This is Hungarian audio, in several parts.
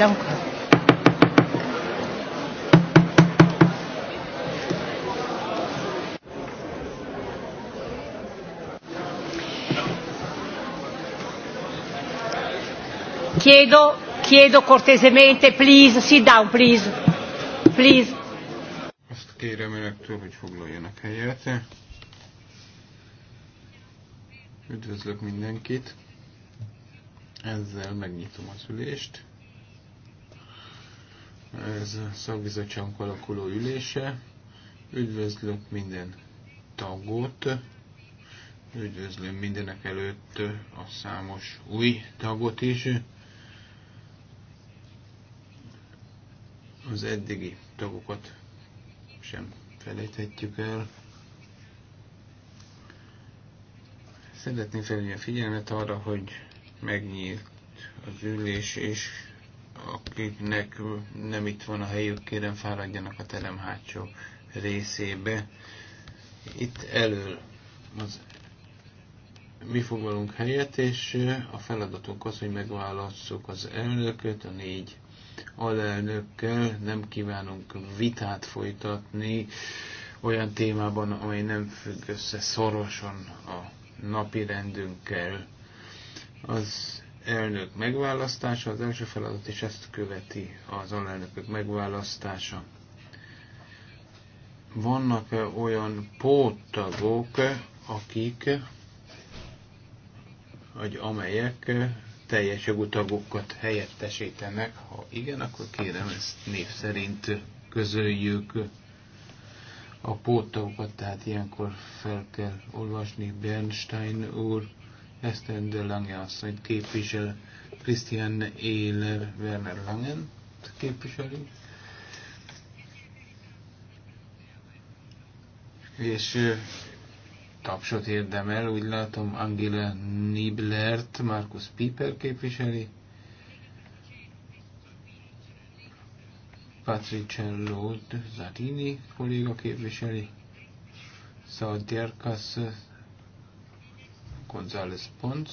Danke. Chiedo, chiedo cortesemente, please, sit down, please. Please. Azt kérem önöktől, hogy foglaljanak helyet. Üdvözlök mindenkit. Ezzel megnyitom az ülést ez a szakbizottságunk alakuló ülése. Üdvözlünk minden tagot, üdvözlöm mindenek előtt a számos új tagot is. Az eddigi tagokat sem felejthetjük el. Szeretném felhívni a figyelmet arra, hogy megnyílt az ülés, és akiknek nem itt van a helyük, kérem fáradjanak a terem hátsó részébe. Itt elől az mi foglalunk helyet, és a feladatunk az, hogy megválasszuk az elnököt, a négy alelnökkel, nem kívánunk vitát folytatni olyan témában, amely nem függ össze szorosan a napi rendünkkel. Az elnök megválasztása, az első feladat, és ezt követi az alelnökök megválasztása. Vannak olyan póttagok, akik, vagy amelyek teljes jogú tagokat helyettesítenek. Ha igen, akkor kérem ezt név szerint közöljük a póttagokat, tehát ilyenkor fel kell olvasni Bernstein úr Eszter de Lange asszony képvisel, Christian Éler Werner Langen képviseli. És tapsot érdemel, úgy látom Angela Niblert, Markus Pieper képviseli, Lode Zatini kolléga képviseli, Szaudiarkas González Pons.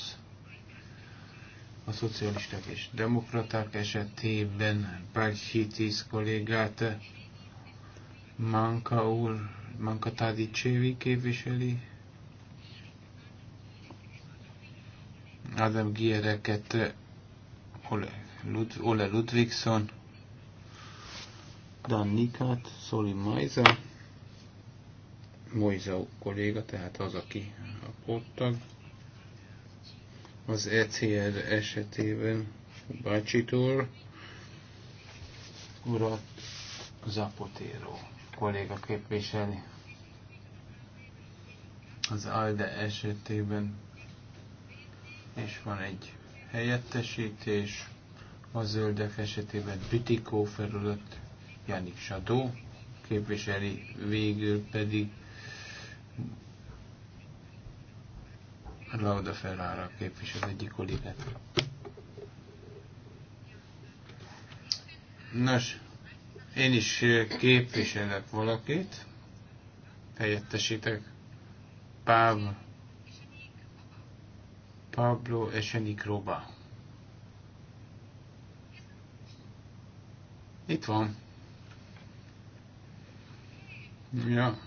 A szocialisták és demokraták esetében Párhitis kollégát Manka úr, Manka Csévi képviseli. Adam Giereket Ole, Lud, Ole Ludvigson, Dan Nikat, Szoli Majza, Mojza kolléga, tehát az, aki a porttag az ECR esetében Bácsitól urat Zapotero kolléga képviseli. Az ALDE esetében és van egy helyettesítés, a zöldek esetében Bütikó felület Janik Sadó képviseli, végül pedig Lauda Ferrara képvisel egyik kollégát. Nos, én is képviselek valakit, helyettesítek Pablo, Pablo Esenik Roba. Itt van. Ja.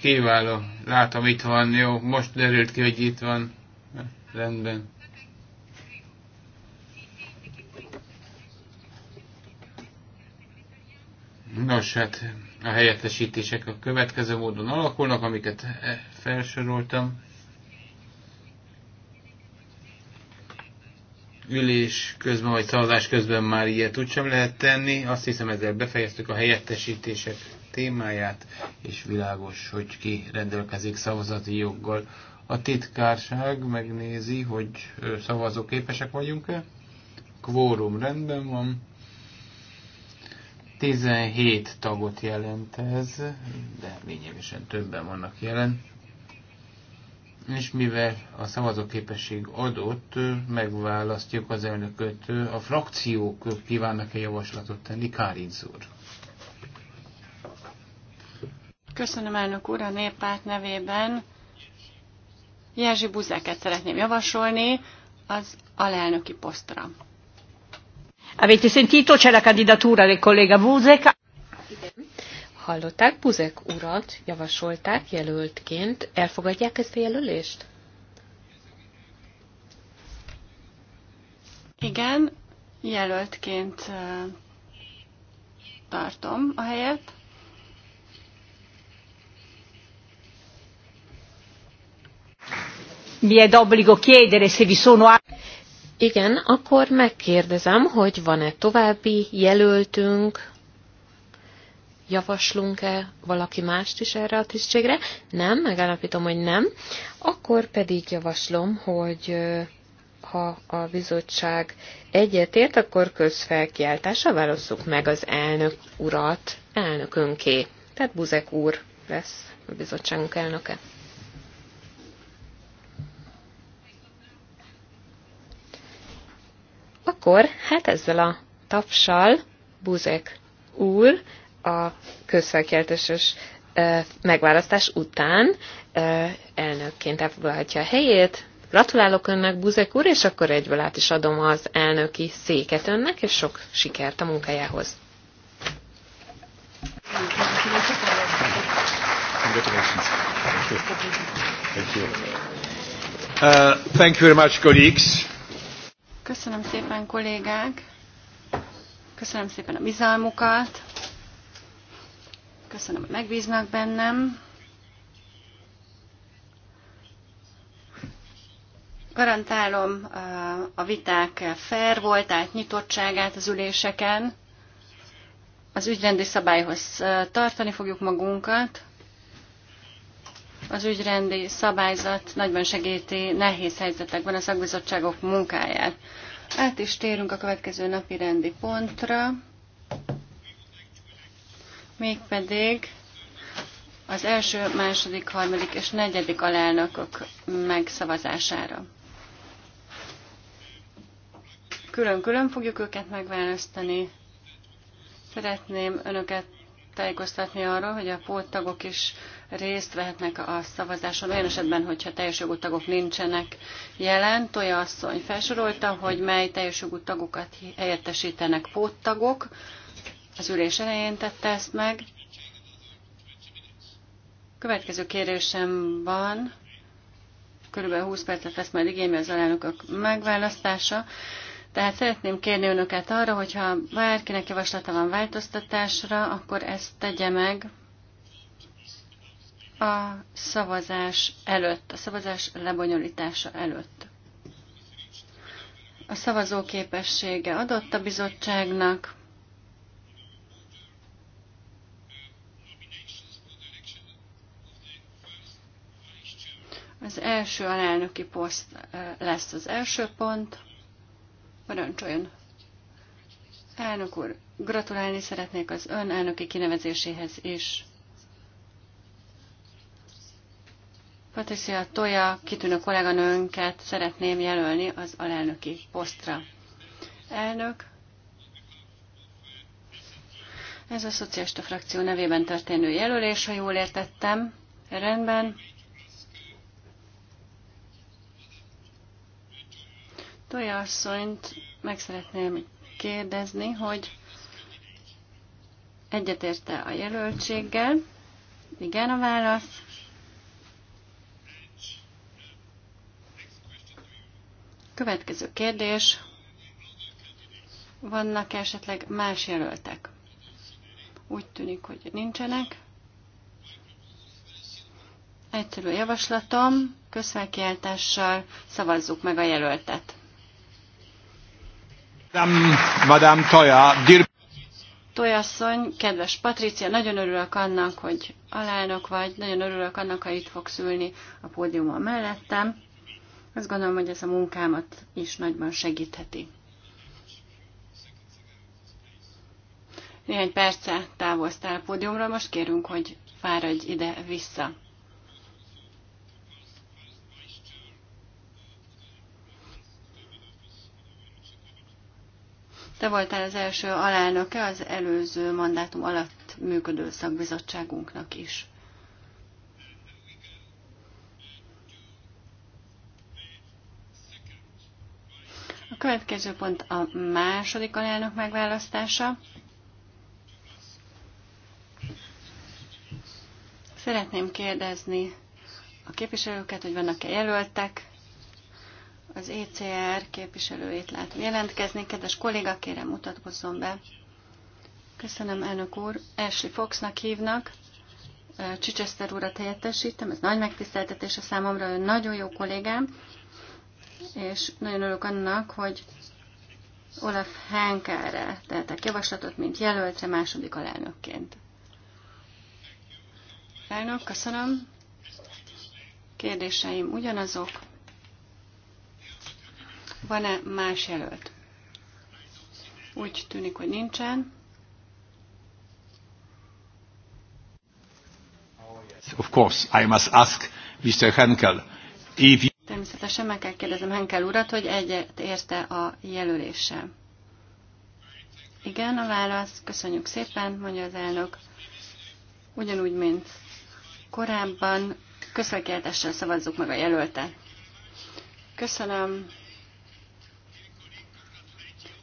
Kiváló. Látom, itt van. Jó, most derült ki, hogy itt van. Rendben. Nos, hát a helyettesítések a következő módon alakulnak, amiket e, felsoroltam. Ülés közben vagy szavazás közben már ilyet úgysem lehet tenni. Azt hiszem ezzel befejeztük a helyettesítések témáját, és világos, hogy ki rendelkezik szavazati joggal. A titkárság megnézi, hogy szavazóképesek vagyunk-e. Kvórum rendben van. 17 tagot jelent ez, de lényegesen többen vannak jelen. És mivel a szavazóképesség adott, megválasztjuk az elnököt. A frakciók kívánnak-e javaslatot tenni? Kárinc úr. Köszönöm elnök úr a néppárt nevében. Jerzy Buzeket szeretném javasolni az alelnöki posztra. Avete sentito, c'è la candidatura del collega Buzek. Hallották, Buzek urat javasolták jelöltként. Elfogadják ezt a jelölést? Igen, jelöltként tartom a helyet. mi Igen, akkor megkérdezem, hogy van-e további jelöltünk, javaslunk-e valaki mást is erre a tisztségre? Nem, megállapítom, hogy nem. Akkor pedig javaslom, hogy ha a bizottság egyetért, akkor közfelkiáltásra válasszuk meg az elnök urat elnökönké. Tehát Buzek úr lesz a bizottságunk elnöke. akkor hát ezzel a tapsal Buzek úr a közfelkeltesős megválasztás után elnökként elfoglalhatja a helyét. Gratulálok önnek, Buzek úr, és akkor egyből át is adom az elnöki széket önnek, és sok sikert a munkájához. Uh, thank you very much, colleagues. Köszönöm szépen, kollégák! Köszönöm szépen a bizalmukat! Köszönöm, hogy megbíznak bennem! Garantálom uh, a viták fair voltát, nyitottságát az üléseken. Az ügyrendi szabályhoz uh, tartani fogjuk magunkat. Az ügyrendi szabályzat nagyban segíti nehéz helyzetekben a szakbizottságok munkáját. Át is térünk a következő napi rendi pontra, mégpedig az első, második, harmadik és negyedik alelnökök megszavazására. Külön-külön fogjuk őket megválasztani. Szeretném önöket tájékoztatni arról, hogy a póttagok is részt vehetnek a szavazáson, olyan esetben, hogyha teljes jogú tagok nincsenek jelen. Tolja asszony felsorolta, hogy mely teljes jogú tagokat helyettesítenek póttagok. Az ülés elején tette ezt meg. Következő kérésem van, körülbelül 20 percet lesz majd igénybe az alelnökök megválasztása. Tehát szeretném kérni önöket arra, hogyha bárkinek javaslata van változtatásra, akkor ezt tegye meg a szavazás előtt, a szavazás lebonyolítása előtt. A szavazóképessége adott a bizottságnak, Az első alelnöki poszt lesz az első pont. Parancsoljon! Elnök úr, gratulálni szeretnék az ön elnöki kinevezéséhez is. Patricia Toya, kitűnő kolléganőnket szeretném jelölni az alelnöki posztra. Elnök, ez a szociálista frakció nevében történő jelölés, ha jól értettem. Rendben. Tója asszonyt meg szeretném kérdezni, hogy egyetérte a jelöltséggel. Igen a válasz. Következő kérdés. Vannak -e esetleg más jelöltek? Úgy tűnik, hogy nincsenek. Egyszerű javaslatom, közfelkiáltással szavazzuk meg a jelöltet. Tojasszony, kedves Patricia, nagyon örülök annak, hogy alelnök vagy, nagyon örülök annak, ha itt fogsz ülni a pódiumon mellettem. Azt gondolom, hogy ez a munkámat is nagyban segítheti. Néhány perce távoztál a pódiumról, most kérünk, hogy fáradj ide-vissza. Te voltál az első alelnöke az előző mandátum alatt működő szakbizottságunknak is. A következő pont a második alelnök megválasztása. Szeretném kérdezni a képviselőket, hogy vannak-e jelöltek az ECR képviselőjét látom jelentkezni. Kedves kolléga, kérem mutatkozzon be. Köszönöm, elnök úr. Ashley Foxnak hívnak. Csicseszter úrat helyettesítem, ez nagy megtiszteltetés a számomra, ő nagyon jó kollégám, és nagyon örülök annak, hogy Olaf Henkelre tehetek javaslatot, mint jelöltre második alelnökként. Elnök, köszönöm. Kérdéseim ugyanazok, van-e más jelölt? Úgy tűnik, hogy nincsen. Of course, I must ask Mr. Henkel if you... Természetesen meg kell kérdezem Henkel urat, hogy egyet érte a jelöléssel. Igen, a válasz. Köszönjük szépen, mondja az elnök. Ugyanúgy, mint korábban, közfelkiáltással szavazzuk meg a jelöltet. Köszönöm.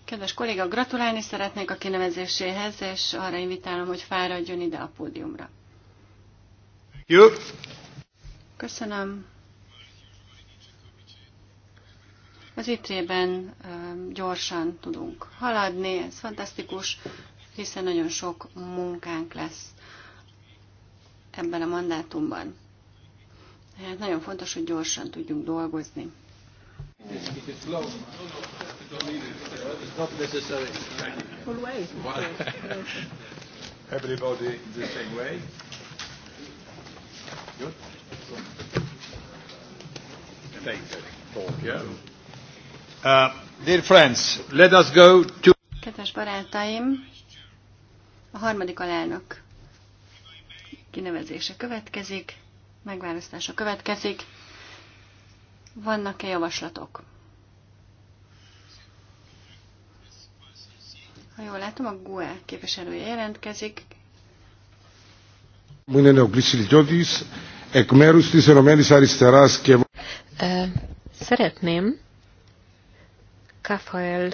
Kedves kolléga, gratulálni szeretnék a kinevezéséhez, és arra invitálom, hogy fáradjon ide a pódiumra. Jó. Köszönöm. Az ITRE-ben um, gyorsan tudunk haladni, ez fantasztikus, hiszen nagyon sok munkánk lesz ebben a mandátumban. Hát nagyon fontos, hogy gyorsan tudjunk dolgozni not necessary. Always. Everybody the same way. Good. Take that yeah. Uh, dear friends, let us go to... Kedves barátaim, a harmadik alelnök kinevezése következik, megválasztása következik. Vannak-e javaslatok? Ha jól látom, a GUE képviselője jelentkezik. Szeretném Kafael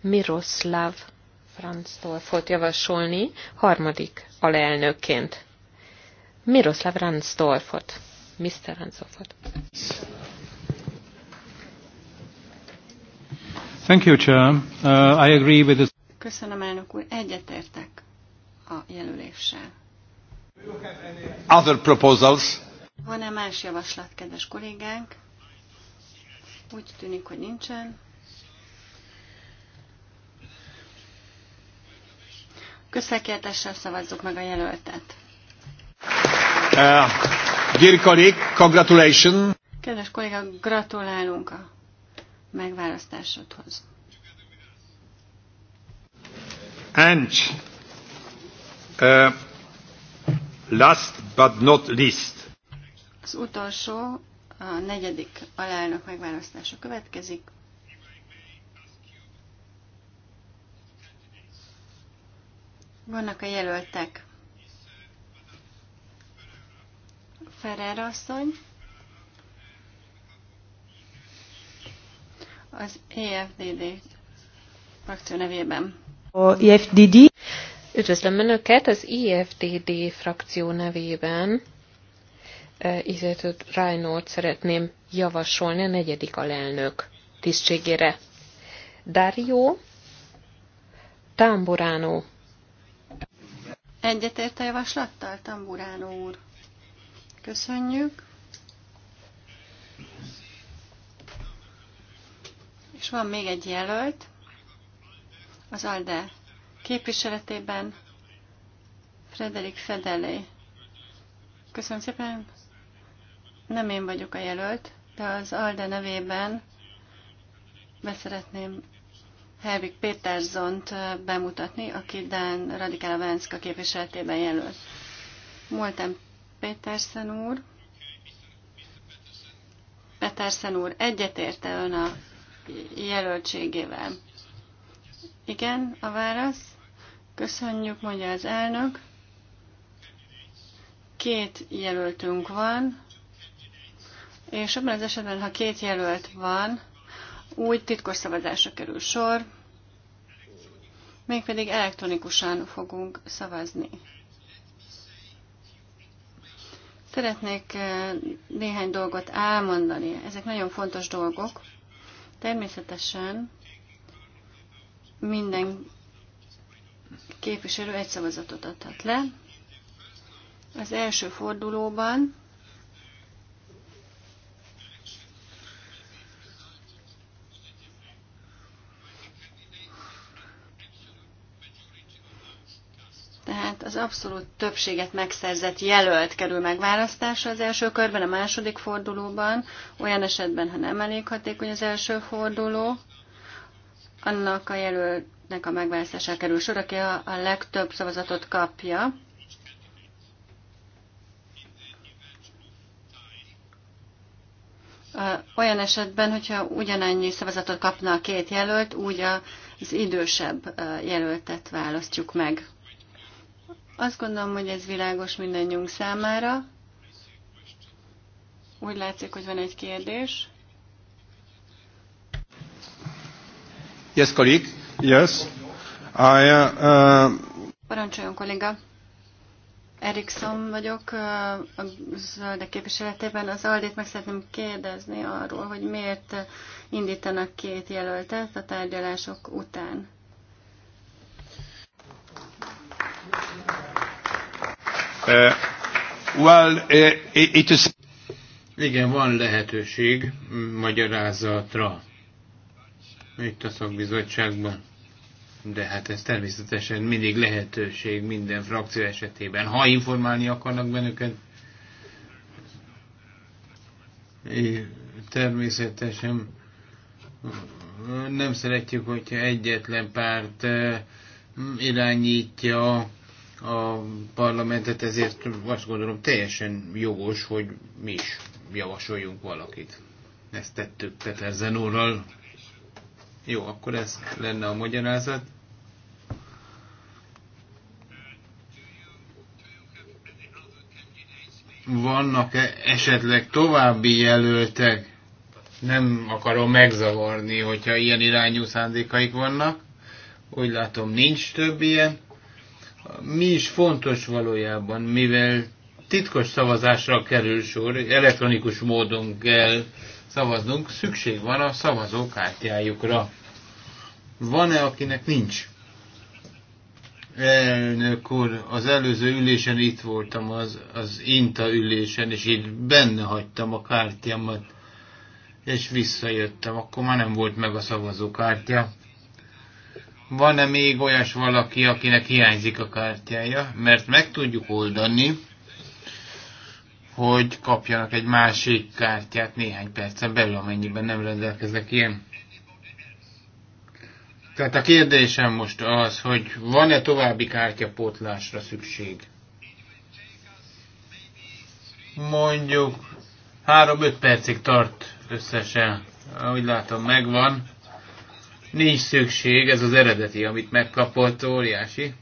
Miroslav Franz Dolfot javasolni harmadik alelnökként. Miroslav Ransdorfot. Mr. Ransdorfot. Thank you, Chair. Uh, I agree with this. Köszönöm, elnök úr. Egyetértek a jelöléssel. Other proposals? Van-e más javaslat, kedves kollégánk? Úgy tűnik, hogy nincsen. Köszönkértessel szavazzuk meg a jelöltet. Uh, dear colleague, congratulations. Kedves kolléga, gratulálunk a megválasztásodhoz. And uh, last but not least. Az utolsó, a negyedik alelnök megválasztása következik. Vannak a jelöltek. Ferrer asszony. az EFDD frakció nevében. A EFDD. Üdvözlöm Önöket az IFDD e frakció nevében. E, Izétőt Rajnót szeretném javasolni a negyedik alelnök tisztségére. Dario Tamburano. Egyetért a javaslattal, Tamburano úr. Köszönjük. És van még egy jelölt, az ALDE képviseletében Frederik Fedelé. Köszönöm szépen. Nem én vagyok a jelölt, de az ALDE nevében beszeretném Helvig Péterzont bemutatni, aki Dán Radikál Vánszka képviseletében jelölt. Moltem Pétersen úr. Petersen úr, egyetérte ön a jelöltségével. Igen, a válasz. Köszönjük, mondja az elnök. Két jelöltünk van, és abban az esetben, ha két jelölt van, úgy titkos szavazásra kerül sor, mégpedig elektronikusan fogunk szavazni. Szeretnék eh, néhány dolgot elmondani. Ezek nagyon fontos dolgok. Természetesen minden képviselő egy szavazatot adhat le. Az első fordulóban az abszolút többséget megszerzett jelölt kerül megválasztásra az első körben, a második fordulóban, olyan esetben, ha nem elég hatékony az első forduló, annak a jelöltnek a megválasztására kerül sor, aki a, a legtöbb szavazatot kapja. Olyan esetben, hogyha ugyanannyi szavazatot kapna a két jelölt, úgy az idősebb jelöltet választjuk meg. Azt gondolom, hogy ez világos mindannyiunk számára. Úgy látszik, hogy van egy kérdés. Yes, colleague. Yes. I, uh, uh Parancsoljon, kolléga. Erikson vagyok, uh, a zöldek képviseletében. Az Aldét meg szeretném kérdezni arról, hogy miért indítanak két jelöltet a tárgyalások után. Uh, well, uh, it is... Igen, van lehetőség magyarázatra itt a szakbizottságban. De hát ez természetesen mindig lehetőség minden frakció esetében. Ha informálni akarnak bennünket, természetesen nem szeretjük, hogyha egyetlen párt uh, irányítja a parlamentet, ezért azt gondolom teljesen jogos, hogy mi is javasoljunk valakit. Ezt tettük Peter Zenóral. Jó, akkor ez lenne a magyarázat. Vannak-e esetleg további jelöltek? Nem akarom megzavarni, hogyha ilyen irányú szándékaik vannak. Úgy látom, nincs több ilyen mi is fontos valójában, mivel titkos szavazásra kerül sor, elektronikus módon kell szavaznunk, szükség van a szavazókártyájukra. Van-e, akinek nincs? Elnök úr, az előző ülésen itt voltam, az, az INTA ülésen, és itt benne hagytam a kártyámat, és visszajöttem, akkor már nem volt meg a szavazókártya van-e még olyas valaki, akinek hiányzik a kártyája, mert meg tudjuk oldani, hogy kapjanak egy másik kártyát néhány percen belül, amennyiben nem rendelkeznek ilyen. Tehát a kérdésem most az, hogy van-e további kártyapótlásra szükség? Mondjuk 3-5 percig tart összesen, ahogy látom megvan Nincs szükség, ez az eredeti, amit megkapott, óriási.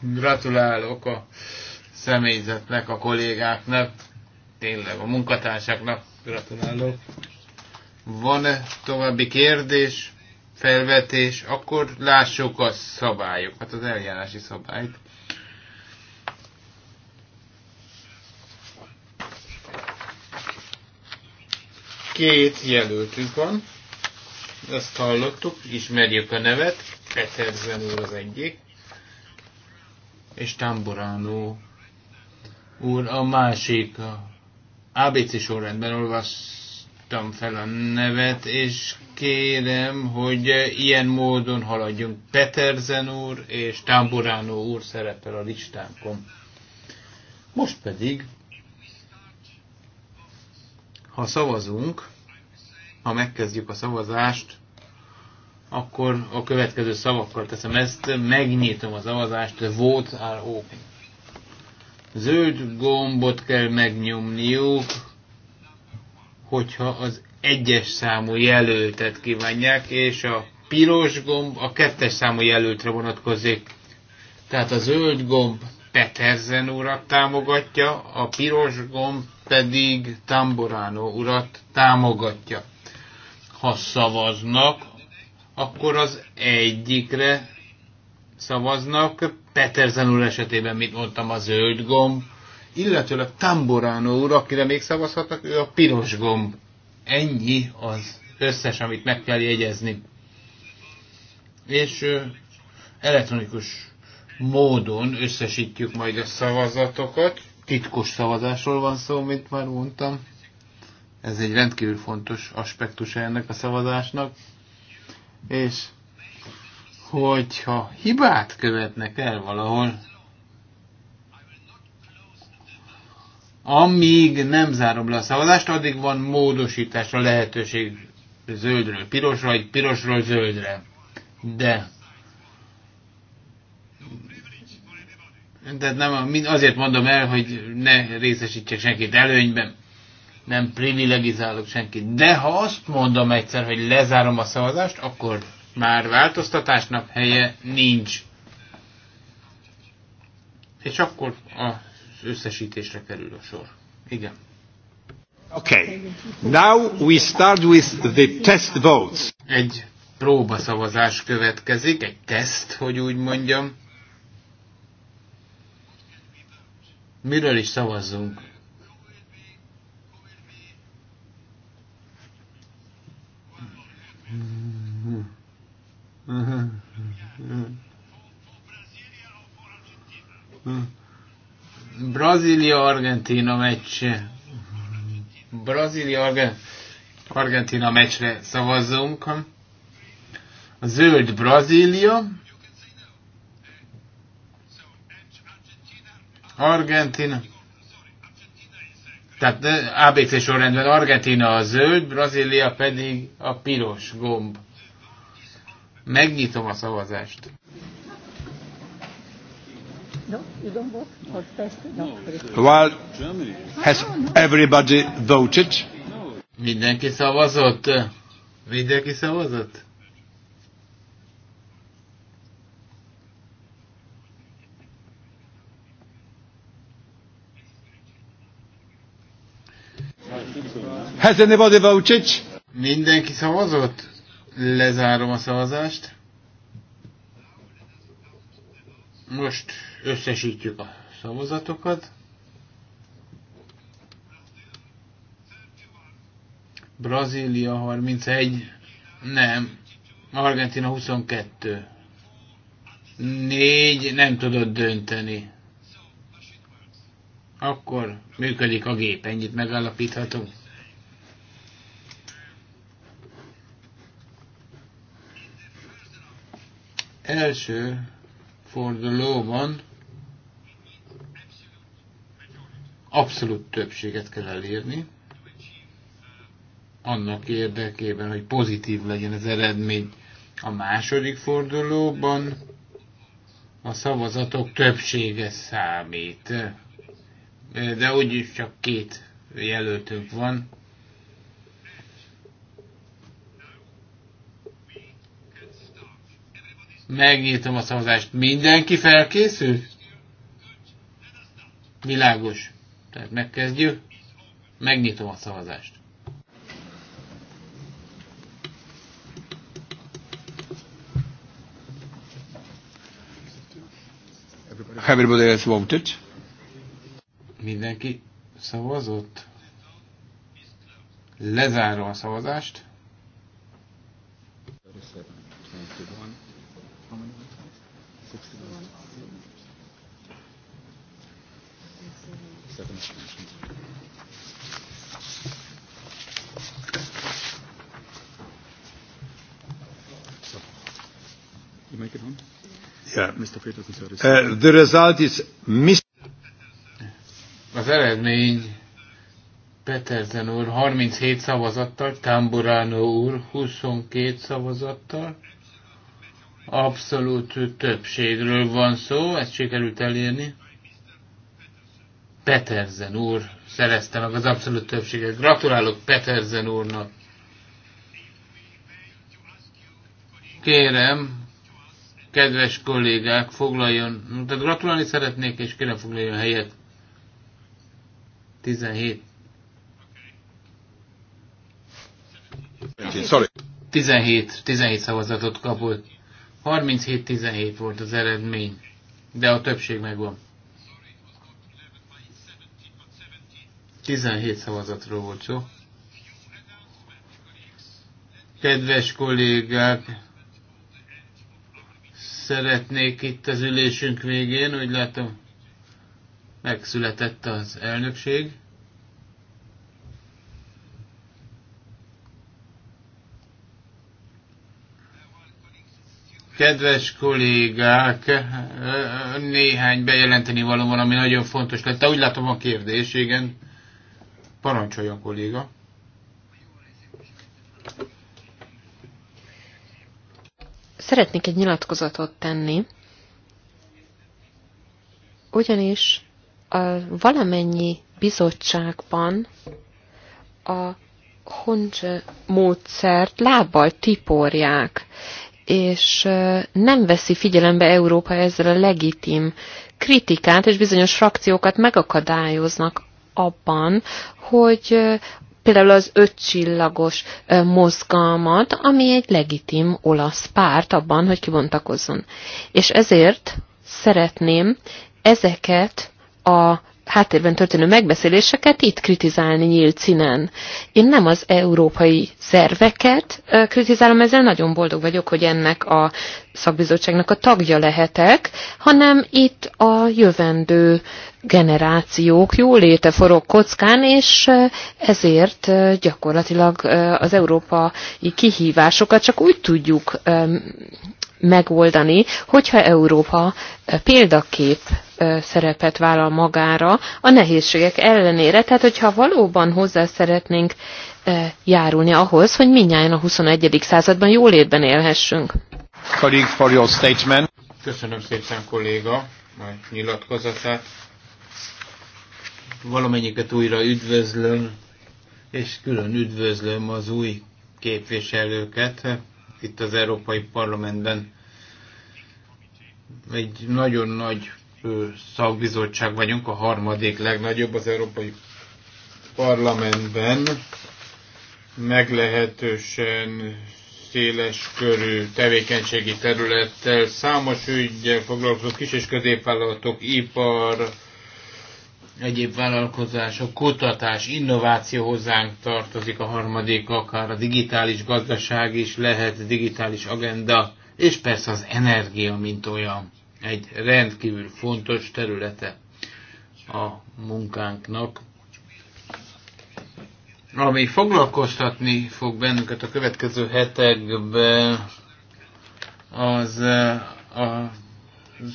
Gratulálok a személyzetnek, a kollégáknak, tényleg a munkatársaknak gratulálok. Van-e további kérdés, felvetés? Akkor lássuk a szabályokat, hát az eljárási szabályt. Két jelöltünk van. Ezt hallottuk, ismerjük a nevet, Peterzen úr az egyik, és Tamburánó úr a másik. ABC sorrendben olvastam fel a nevet, és kérem, hogy ilyen módon haladjunk. Peterzen úr és Tamburánó úr szerepel a listánkon. Most pedig, ha szavazunk, ha megkezdjük a szavazást, akkor a következő szavakkal teszem ezt, megnyitom a szavazást, vote are open. Zöld gombot kell megnyomniuk, hogyha az egyes számú jelöltet kívánják, és a piros gomb a kettes számú jelöltre vonatkozik. Tehát a zöld gomb Peterzen urat támogatja, a piros gomb pedig Tamborano urat támogatja. Ha szavaznak, akkor az egyikre szavaznak. Peterzen úr esetében, mit mondtam, a zöld gomb, illetőleg Tamborano úr, akire még szavazhatnak, ő a piros gomb. Ennyi az összes, amit meg kell jegyezni. És elektronikus módon összesítjük majd a szavazatokat. Titkos szavazásról van szó, mint már mondtam. Ez egy rendkívül fontos aspektus ennek a szavazásnak. És hogyha hibát követnek el valahol, amíg nem zárom le a szavazást, addig van módosításra lehetőség zöldről pirosra, vagy pirosról zöldre. De de nem, azért mondom el, hogy ne részesítsek senkit előnyben nem privilegizálok senkit. De ha azt mondom egyszer, hogy lezárom a szavazást, akkor már változtatásnak helye nincs. És akkor az összesítésre kerül a sor. Igen. Okay. Now we start with the test votes. Egy próbaszavazás következik, egy teszt, hogy úgy mondjam. Miről is szavazzunk? Brazília-Argentina meccs. Brazília-Argentina meccsre szavazzunk. A zöld Brazília. Argentina. Tehát eh, ABC sorrendben Argentina a zöld, Brazília pedig a piros gomb. Megnyitom a szavazást. Well, has everybody voted? Mindenki szavazott? Mindenki szavazott? Has anybody voted? Mindenki szavazott? Lezárom a szavazást. Most összesítjük a szavazatokat. Brazília 31, nem, Argentina 22. Négy nem tudod dönteni. Akkor működik a gép, ennyit megállapíthatunk. első fordulóban abszolút többséget kell elérni, annak érdekében, hogy pozitív legyen az eredmény. A második fordulóban a szavazatok többsége számít, de úgyis csak két jelöltünk van, Megnyitom a szavazást. Mindenki felkészül? Világos. Tehát megkezdjük. Megnyitom a szavazást. Everybody has voted. Mindenki szavazott. Lezárom a szavazást. Yeah. Mr. Peterson, sorry. Uh, the result is mis- az eredmény Petersen úr 37 szavazattal, Tamburano úr 22 szavazattal, Abszolút többségről van szó, ezt sikerült elérni. Peterzen úr szerezte meg az abszolút többséget. Gratulálok Peterzen úrnak. Kérem, kedves kollégák, foglaljon, tehát gratulálni szeretnék, és kérem foglaljon helyet. 17. Sorry. 17, 17 szavazatot kapott. 37-17 volt az eredmény, de a többség megvan. 17 szavazatról volt szó. Kedves kollégák, szeretnék itt az ülésünk végén, úgy látom, megszületett az elnökség. Kedves kollégák, néhány bejelenteni való van, ami nagyon fontos lett. De úgy látom a kérdés, igen. Parancsoljon, kolléga. Szeretnék egy nyilatkozatot tenni, ugyanis a valamennyi bizottságban a honcs módszert lábbal tiporják, és nem veszi figyelembe Európa ezzel a legitim kritikát, és bizonyos frakciókat megakadályoznak abban, hogy például az ötcsillagos mozgalmat, ami egy legitim olasz párt abban, hogy kibontakozzon. És ezért szeretném ezeket a háttérben történő megbeszéléseket itt kritizálni nyílt színen. Én nem az európai szerveket kritizálom, ezzel nagyon boldog vagyok, hogy ennek a szakbizottságnak a tagja lehetek, hanem itt a jövendő generációk jóléte forog kockán, és ezért gyakorlatilag az európai kihívásokat csak úgy tudjuk megoldani, hogyha Európa példakép szerepet vállal magára a nehézségek ellenére. Tehát, hogyha valóban hozzá szeretnénk járulni ahhoz, hogy minnyáján a 21. században jól érben élhessünk. for your statement. Köszönöm szépen, kolléga, a nyilatkozatát. Valamennyiket újra üdvözlöm, és külön üdvözlöm az új képviselőket itt az Európai Parlamentben. Egy nagyon nagy szakbizottság vagyunk, a harmadik legnagyobb az Európai Parlamentben. Meglehetősen széles körű tevékenységi területtel, számos ügyel foglalkozó kis és középvállalatok, ipar, egyéb vállalkozások, kutatás, innováció hozzánk tartozik, a harmadik akár a digitális gazdaság is lehet, digitális agenda, és persze az energia, mint olyan, egy rendkívül fontos területe a munkánknak, ami foglalkoztatni fog bennünket a következő hetekben, az eh, a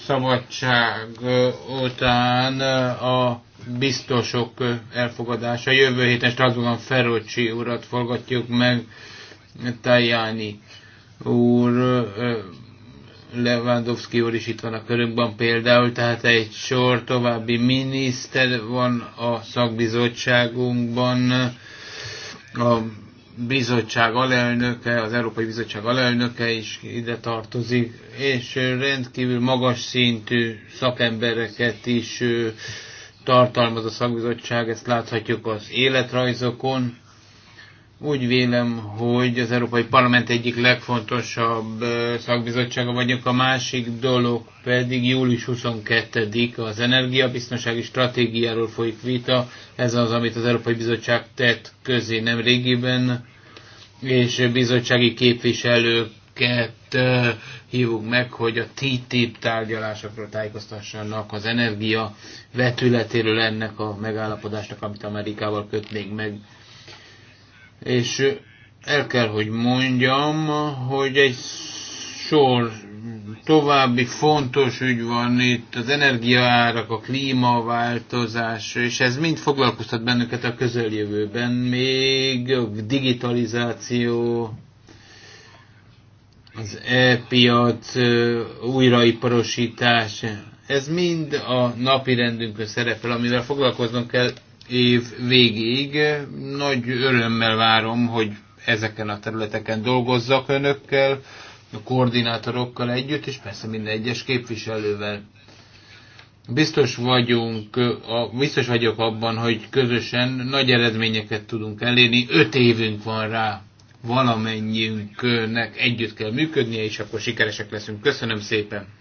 szabadság eh, után eh, a biztosok elfogadása. Jövő héten Strasbourgban Ferrocsi urat forgatjuk meg, Tajani úr, Lewandowski úr is itt van a körünkben például, tehát egy sor további miniszter van a szakbizottságunkban, a bizottság alelnöke, az Európai Bizottság alelnöke is ide tartozik, és rendkívül magas szintű szakembereket is tartalmaz a szakbizottság, ezt láthatjuk az életrajzokon. Úgy vélem, hogy az Európai Parlament egyik legfontosabb szakbizottsága vagyok, a másik dolog pedig július 22 az energiabiztonsági stratégiáról folyik vita. Ez az, amit az Európai Bizottság tett közé nem régiben, és bizottsági képviselőket hívunk meg, hogy a TTIP tárgyalásokról tájékoztassanak az energia vetületéről ennek a megállapodásnak, amit Amerikával kötnénk meg. És el kell, hogy mondjam, hogy egy sor további fontos ügy van itt, az energiaárak, a klímaváltozás, és ez mind foglalkoztat bennünket a közeljövőben, még a digitalizáció, az e-piac újraiparosítás, ez mind a napi rendünkön szerepel, amivel foglalkoznunk kell év végéig. Nagy örömmel várom, hogy ezeken a területeken dolgozzak önökkel, a koordinátorokkal együtt, és persze minden egyes képviselővel. Biztos, vagyunk, a, biztos vagyok abban, hogy közösen nagy eredményeket tudunk elérni, öt évünk van rá valamennyiünknek együtt kell működnie, és akkor sikeresek leszünk. Köszönöm szépen!